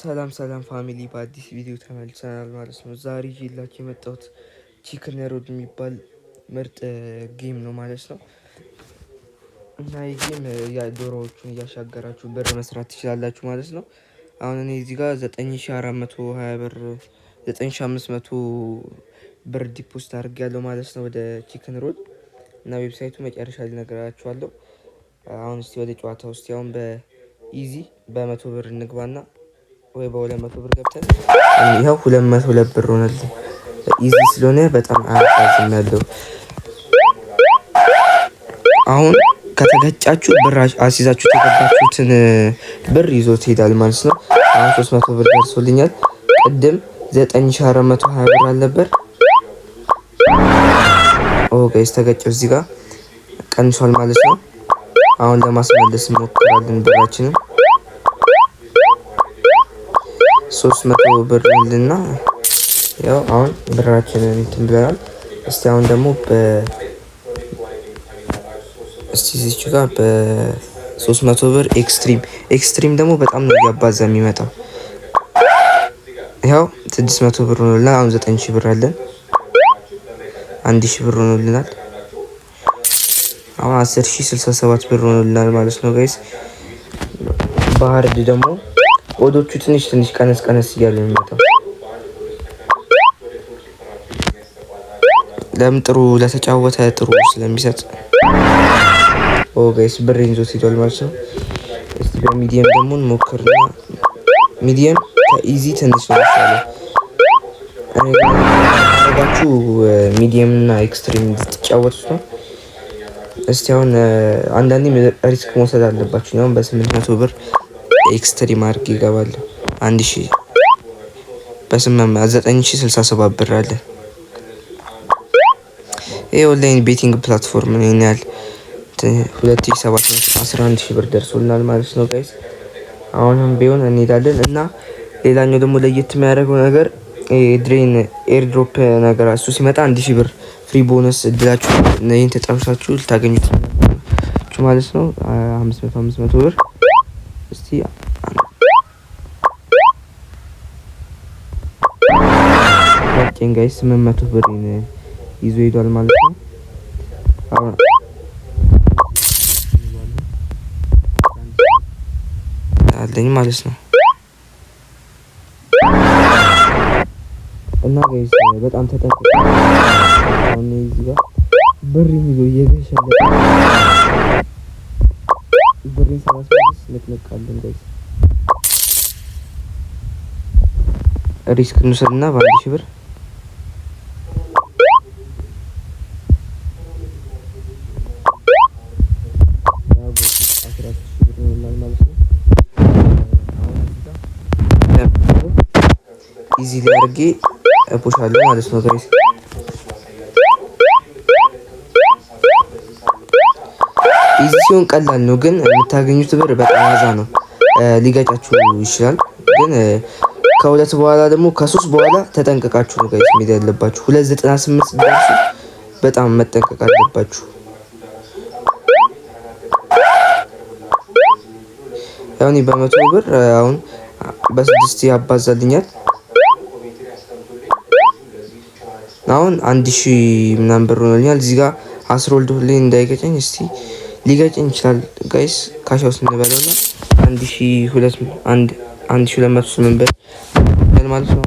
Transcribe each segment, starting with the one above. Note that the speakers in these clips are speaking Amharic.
ሰላም ሰላም ፋሚሊ በአዲስ ቪዲዮ ተመልሰናል ማለት ነው። ዛሬ ይዤላችሁ የመጣሁት ቺክን ሮድ የሚባል ምርጥ ጌም ነው ማለት ነው እና ይህ ጌም ዶሮዎቹን እያሻገራችሁ ብር መስራት ትችላላችሁ ማለት ነው። አሁን እኔ እዚህ ጋር 9420 ብር 9500 ብር ዲፖስት አድርግ ያለው ማለት ነው ወደ ቺክን ሮድ እና ዌብሳይቱ መጨረሻ ሊነግራችኋለሁ። አሁን እስቲ ወደ ጨዋታ ውስጥ ያሁን በኢዚ በመቶ ብር እንግባና ወይ በሁለት መቶ ብር ገብተን ይኸው ሁለት መቶ ሁለት ብር ሆነልኝ። ኢዚ ስለሆነ በጣም አያሳዝም ያለው አሁን ከተገጫችሁ ብር አስይዛችሁ የገባችሁትን ብር ይዞ ትሄዳል ማለት ነው። አሁን ሶስት ብር ደርሶልኛል። ቅድም ዘጠኝ ሺ ብር አልነበር? ኦጋይስ ተገጨው እዚህ ጋር ቀንሷል ማለት ነው። አሁን ለማስመለስ እንሞክራለን ብራችንም ሶስት መቶ ብር ልና ያው አሁን ብራችንን እንትን ብለናል። እስቲ አሁን ደግሞ እስቲ ዚች ጋር በሶስት መቶ ብር ኤክስትሪም ኤክስትሪም ደግሞ በጣም ነው እያባዛ የሚመጣው። ያው ስድስት መቶ ብር ሆኖልናል። አሁን ዘጠኝ ሺህ ብር አለን። አንድ ሺህ ብር ሆኖልናል። አሁን አስር ሺህ ስልሳ ሰባት ብር ሆኖልናል ማለት ነው ጋይስ በሀርድ ደግሞ ወዶቹ ትንሽ ትንሽ ቀነስ ቀነስ እያሉ የሚመጣው ለምን ጥሩ ለተጫወተ ጥሩ ስለሚሰጥ ኦጋይስ ብሬን ይዞት ሄዷል ማለት ነው። እስቲ በሚዲየም ደግሞ እንሞክርና ሚዲየም ከኢዚ ትንሽ ነው ሳለ ሚዲየም እና ኤክስትሪም ትጫወቱት ነው። እስቲ አሁን አንዳንዴ ሪስክ መውሰድ አለባችሁ። አሁን በስምንት መቶ ብር ኤክስትሪም አድርጌ ይገባል። አንድ ሺ በስምንት ዘጠኝ ሺ ስልሳ ሰባት ብር አለ። ይህ ኦንላይን ቤቲንግ ፕላትፎርም ነው። ይህን ያህል ሁለት ሺ ሰባት መቶ አስራ አንድ ሺ ብር ደርሶልናል ማለት ነው ጋይስ። አሁንም ቢሆን እንሄዳለን እና ሌላኛው ደግሞ ለየት የሚያደርገው ነገር ድሬን ኤርድሮፕ ነገር እሱ ሲመጣ አንድ ሺ ብር ፍሪ ቦነስ እድላችሁ ይህን ተጫውታችሁ ልታገኙት ማለት ነው። አምስት መቶ አምስት መቶ ብር እስቲ ጨን ጋይስ 800 ብር ይዞ ሄዷል ማለት ነው። አሁን አለኝ ማለት ነው። እና ጋይስ በጣም ተጠንቀቁ። እዚህ ጋር ብር ይዞ እየገሸለ ብር ሰባስስ ልቅልቃለን ጋይስ ሪስክ እንውሰድና በአንድ ሺህ ብር አድርጌ እፖሻለሁ ማለት ነው ጋይስ። ኢዚ ሲሆን ቀላል ነው፣ ግን የምታገኙት ብር በጣም ዋዛ ነው። ሊገጫችሁ ይችላል፣ ግን ከሁለት በኋላ ደግሞ ከሶስት በኋላ ተጠንቀቃችሁ ነው ጋይስ ሜዳ ያለባችሁ። ሁለት ዘጠና ስምንት ደርሱ በጣም መጠንቀቅ አለባችሁ። ያው በመቶ ብር አሁን በስድስት ያባዛልኛል አሁን አንድ ሺ ምናምን ብር ሆኖልኛል። እዚህ ጋር ወልድ ሁሌ እንዳይገጨኝ እስቲ ሊገጨኝ ይችላል ጋይስ። ካሻው ስንበለው ና አንድ ሺ ሁለት አንድ ሺ ሁለት መቶ ስምንት ብር ማለት ነው።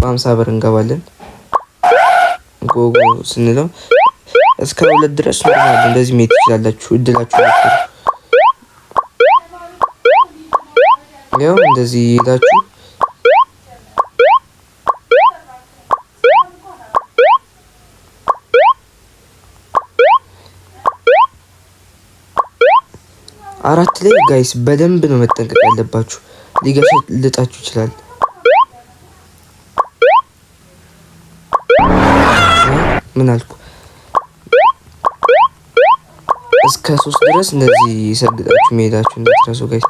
በሀምሳ ብር እንገባለን። ጎጎ ስንለው እስከ ሁለት ድረስ ኖርማል እንደዚህ መሄድ ትችላላችሁ። እድላችሁ ነው። ያው እንደዚህ ይሄዳችሁ አራት ላይ ጋይስ በደንብ ነው መጠንቀቅ ያለባችሁ። ሊገሽ ልጣችሁ ይችላል። ምን አልኩ? እስከ ሶስት ድረስ እንደዚህ ሰግጣችሁ መሄዳችሁ እንዳትረሱ ጋይስ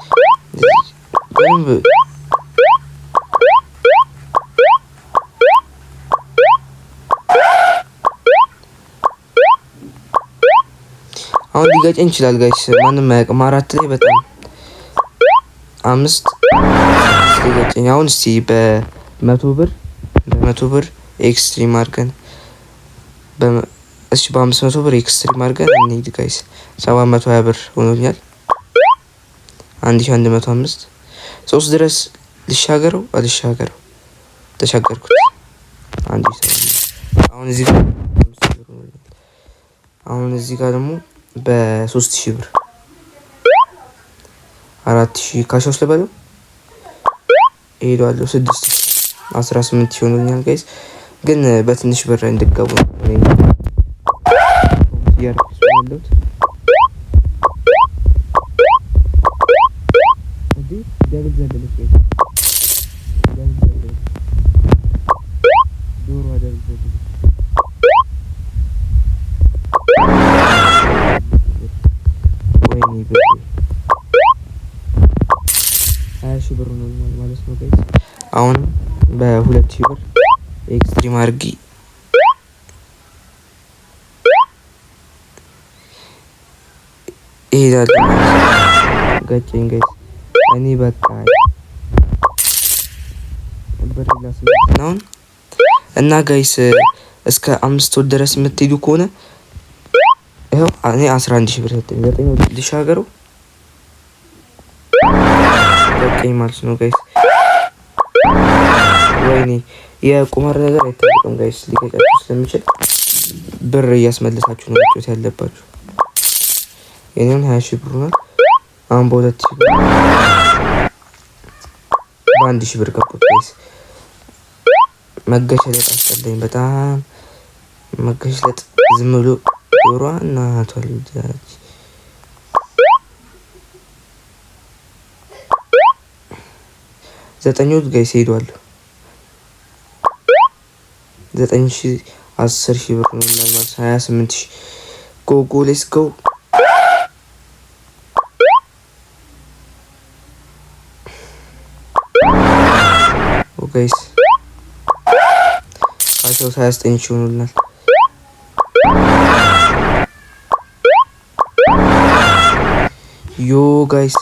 በደንብ ሊገጨኝ ይችላል ጋይስ፣ ማንም አያውቅም። አራት ላይ በጣም አምስት ሊገጨኝ። አሁን እስቲ በመቶ ብር በመቶ ብር ኤክስትሪም አድርገን እሺ፣ በአምስት መቶ ብር ኤክስትሪም አድርገን እንሂድ ጋይስ። ሰባት መቶ ሀያ ብር ሆኖኛል። አንድ ሺ አንድ መቶ አምስት ሶስት ድረስ ልሻገረው አልሻገረው፣ ተሻገርኩት። አንድ አሁን እዚህ ጋር አሁን እዚህ ጋር ደግሞ በሶስት ሺህ ብር አራት ሺህ ካሻዎች ልበለው እሄዳለሁ። ስድስት አስራ ስምንት ይሆኑኛል። ሆኖኛል ጋይስ። ግን በትንሽ ብር እንድገቡ ያለሁት ዳዊት ዘለለች አሁንም በሁለት ሺህ ብር ኤክስትሪም አርጊ ይሄዳል። ገጭኝ ገጭ እኔ በቃ ብር እና ጋይስ እስከ አምስት ወር ድረስ የምትሄዱ ከሆነ ይኸው እኔ አስራ አንድ ሺህ ብር ዘጠኝ ልሻገረው ገጭኝ ማለት ነው ጋይስ ወይኔ የቁማር ነገር አይታወቅም ጋይስ፣ ሊገጫችሁ ስለሚችል ብር እያስመለሳችሁ ነው መጫወት ያለባችሁ። የኔን ሀያ ሺህ ብር ነው አሁን በሁለት ሺህ ብር በአንድ ሺህ ብር ገቡት ጋይስ። መገሸለጥ አስጠላኝ በጣም መገሸለጥ። ዝም ብሎ ዶሯ እናቷል ልጃች ዘጠኙ ጋይስ ሄዷል። ዘጠኝ ሺ አስር ሺ ብር ነው ማለት ሀያ ስምንት ሺ ጎ ጎ ሌስ ጎ ጋይስ አስሮት ሀያ ዘጠኝ ሺ ሆኖልናል። ዮ ጋይስ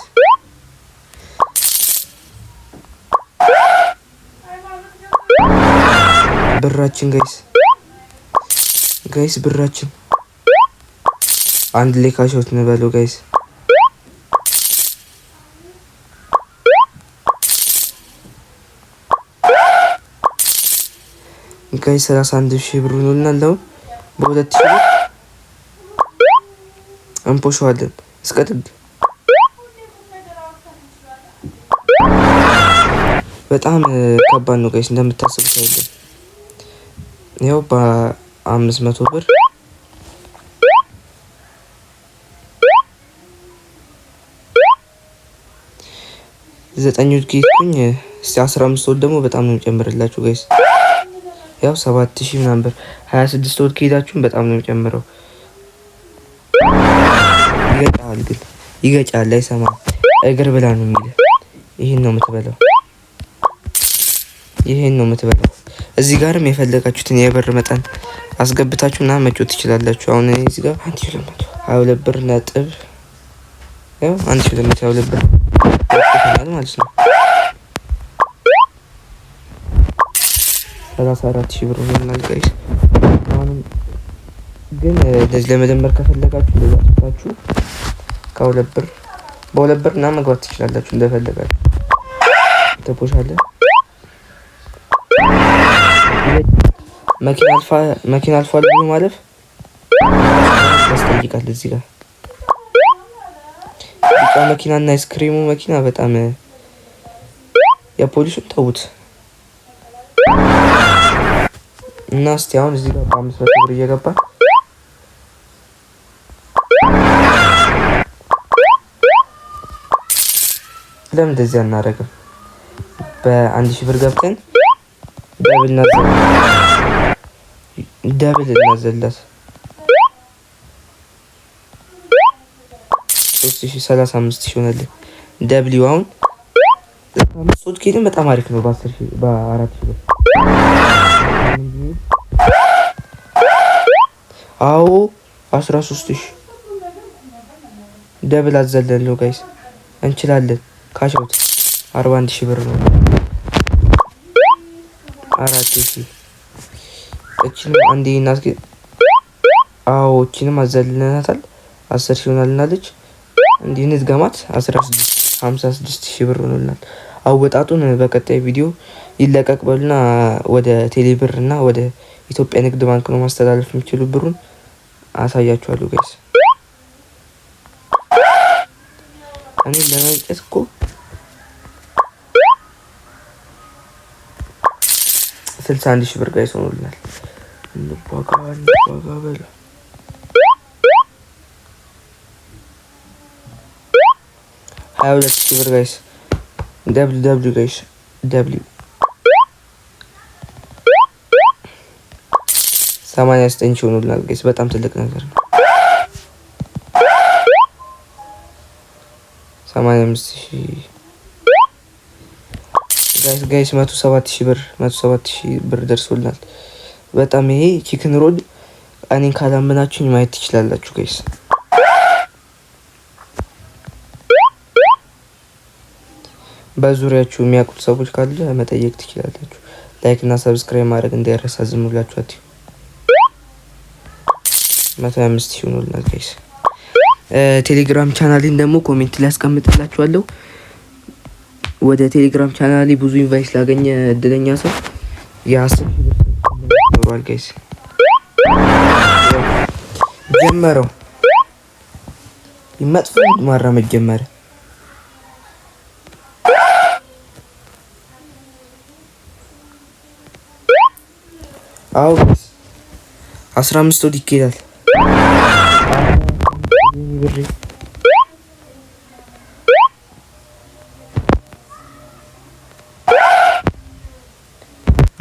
ብራችን ጋይስ ጋይስ ብራችን አንድ ሌካሾት ካሾት ጋይስ። ጋይስ 31 ሺህ ብር ነው እናለው። በሁለት ሺህ ብር እንፖሸዋለን እስከ ጥግ። በጣም ከባድ ነው ጋይስ እንደምታስቡት አይደለም። ይኸው በአምስት መቶ ብር ዘጠኞች ጌትኩኝ እስቲ አስራ አምስት ወድ ደግሞ በጣም ነው የሚጨምርላችሁ ጋይስ። ያው ሰባት ሺህ ምናምን ብር ሀያ ስድስት ወድ ከሄዳችሁም በጣም ነው የሚጨምረው። ይገጫል ግን ይገጫል፣ አይሰማም። እግር ብላ ነው የሚል። ይህን ነው የምትበላው፣ ይህን ነው የምትበላው እዚህ ጋርም የፈለጋችሁትን የብር መጠን አስገብታችሁ አስገብታችሁና መጮት ትችላላችሁ። አሁን እዚህ ጋር አንድ ሺ ለመቶ መቶ ሀያ ሁለት ብር ነጥብ ያው አንድ ሺ ለመቶ መቶ ሀያ ሁለት ብር ይሆናል ማለት ነው። ሰላሳ አራት ሺ ብር ሆናል ጋይስ። አሁንም ግን እንደዚህ ለመደመር ከፈለጋችሁ ለዛችሁ ከሁለት ብር በሁለት ብር እና መግባት ትችላላችሁ እንደፈለጋችሁ ተፖሻለ መኪና አልፏል ብሎ ማለፍ ያስጠይቃል። እዚህ ጋር ቢጫ መኪና እና አይስክሪሙ መኪና በጣም የፖሊሱን ተዉት እና እስቲ አሁን እዚህ ጋር በአምስት መቶ ብር እየገባ ለምን እንደዚህ አናደርግም? በአንድ ሺህ ብር ገብተን ደብል ደብል እናዘለት ሶስት ሰላሳ አምስት ሺ ሆነልኝ። ደብሊው አሁን ሶስት ኬድን በጣም አሪፍ ነው። በአስር በአራት አዎ አስራ ሶስት ደብል አዘለን ነው ጋይስ፣ እንችላለን። ካሻውት አርባ አንድ ሺ ብር ነው አራት ሺ እችንም አንዴ እናስጌጥ። አዎ እችንም አዘልናታል። አስር ሲሆናልናለች እንዲህ ንዝገማት አስራ ስድስት ሀምሳ ስድስት ሺህ ብር ሆኖልናል። አወጣጡን በቀጣይ ቪዲዮ ይለቀቅ በሉና ወደ ቴሌብር እና ወደ ኢትዮጵያ ንግድ ባንክ ነው ማስተላለፍ የሚችሉ ብሩን አሳያችኋለሁ ጋይስ። እኔ ለመልቀት እኮ ስልሳ አንድ ሺህ ብር ጋይስ ሆኖልናል። እንጓጓ እንጓጓ በላ ሀያ ሁለት ሺ ብር ጋይስ ደብል ደብል ጋይስ ደብል ሰማንያ ዘጠኝ ሺ ሆኖልናል ጋይስ በጣም ትልቅ ነገር ነው። ሰማንያ አምስት ሺ ጋይስ መቶ ሰባት ሺ ብር መቶ ሰባት ሺ ብር ደርሶልናል። በጣም ይሄ ቺክን ሮል እኔን ካላመናችሁኝ ማየት ትችላላችሁ ጋይስ። በዙሪያችሁ የሚያውቁት ሰዎች ካለ መጠየቅ ትችላላችሁ። ላይክ እና ሰብስክራይብ ማድረግ እንዳይረሳ። ዝም ብላችሁ መቶ አምስት ሲሆኑልናል ጋይስ። ቴሌግራም ቻናሌን ደግሞ ኮሜንት ላይ አስቀምጥላችኋለሁ። ወደ ቴሌግራም ቻናሌ ብዙ ኢንቫይስ ላገኘ እድለኛ ሰው የአስር ተሰብሯል ጋይስ። ጀመረው መጥፎ ማራመድ ጀመረ። አው አስራ አምስት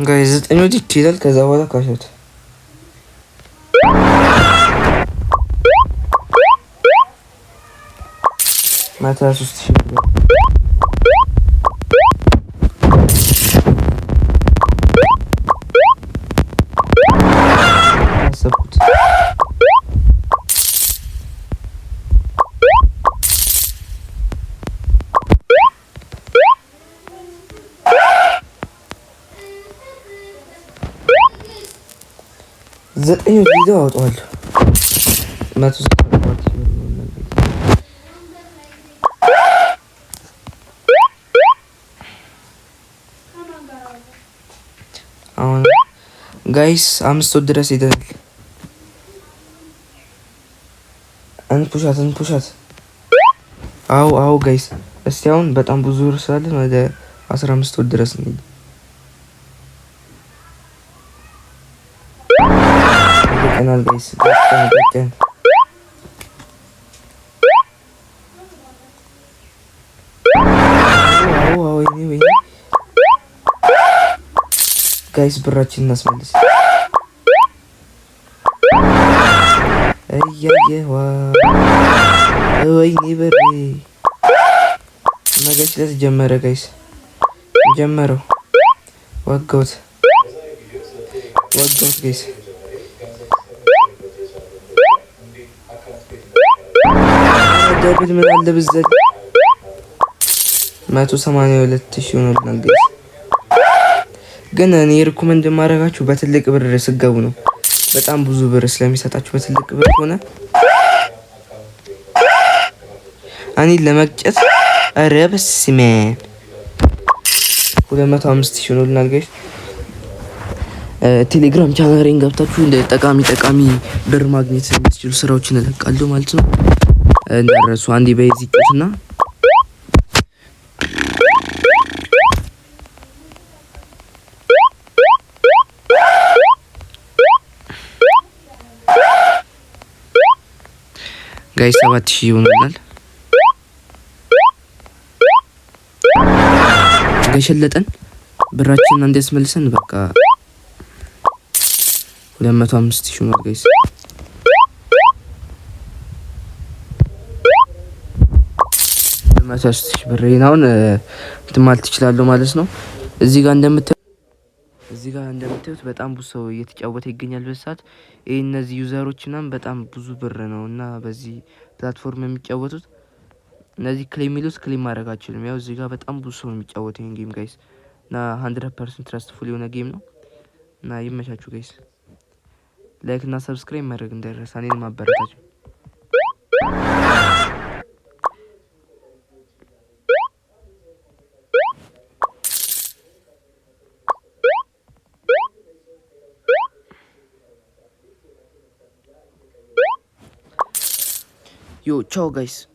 ጋይስ ዘጠኝ ወዲህ ይላል። ከዛ በኋላ ካሸት ማታ ሶስት ሺህ ዘጠኝ ጊዜ አወጣዋል። መቶ አሁን ጋይስ አምስት ድረስ ሄደናል። እንፑሻት እንፑሻት። አዎ አዎ ጋይስ እስቲ አሁን በጣም ብዙ እርሳለን ወደ አስራ አምስት ድረስ እንሂድ። hang on guys, just gonna get in. Guys, брачен нас мандис. Ай-яй-яй-ва. ои не бери. На гайс, лес ደብል ምን አለ ብዘት መቶ ሺህ ሁለት ሺ ግን እኔ ሪኮመንድ የማደርጋችሁ በትልቅ ብር ስገቡ ነው። በጣም ብዙ ብር ስለሚሰጣችሁ በትልቅ ብር ሆነ እኔ ለመቅጨት ረብስ ሲሜን ሁለት መቶ አምስት ሺ ቴሌግራም ቻናሬን ገብታችሁ ጠቃሚ ጠቃሚ ብር ማግኘት የሚያስችሉ ስራዎችን እለቃለሁ ማለት ነው። እንዳረሱ አንዴ በይዚቅትና ጋይ ሰባት ሺህ ይሆናል። ገሸለጠን ብራችንን አንዴ ያስመልሰን። በቃ ሁለት መቶ አምስት ሺህ ጋይስ መቶ ሶስት ብር ይናውን እንትን ማለት ማለት ነው። እዚህ ጋር እንደምታ እዚህ ጋር እንደምታዩት በጣም ብዙ ሰው እየተጫወተ ይገኛል። በሰዓት ይህ እነዚህ ዩዘሮች ናም በጣም ብዙ ብር ነው እና በዚህ ፕላትፎርም የሚጫወቱት እነዚህ ክሌም የሚሉት ክሌም ማድረግ አችልም። ያው እዚህ ጋር በጣም ብዙ ሰው ነው የሚጫወተው ይህን ጌም ጋይስ እና ሀንድረድ ፐርሰንት ትረስት ፉል የሆነ ጌም ነው እና ይመቻችሁ ጋይስ። ላይክ እና ሰብስክራይብ ማድረግ እንዳይረሳ እኔን ማበረታቸው ciao guys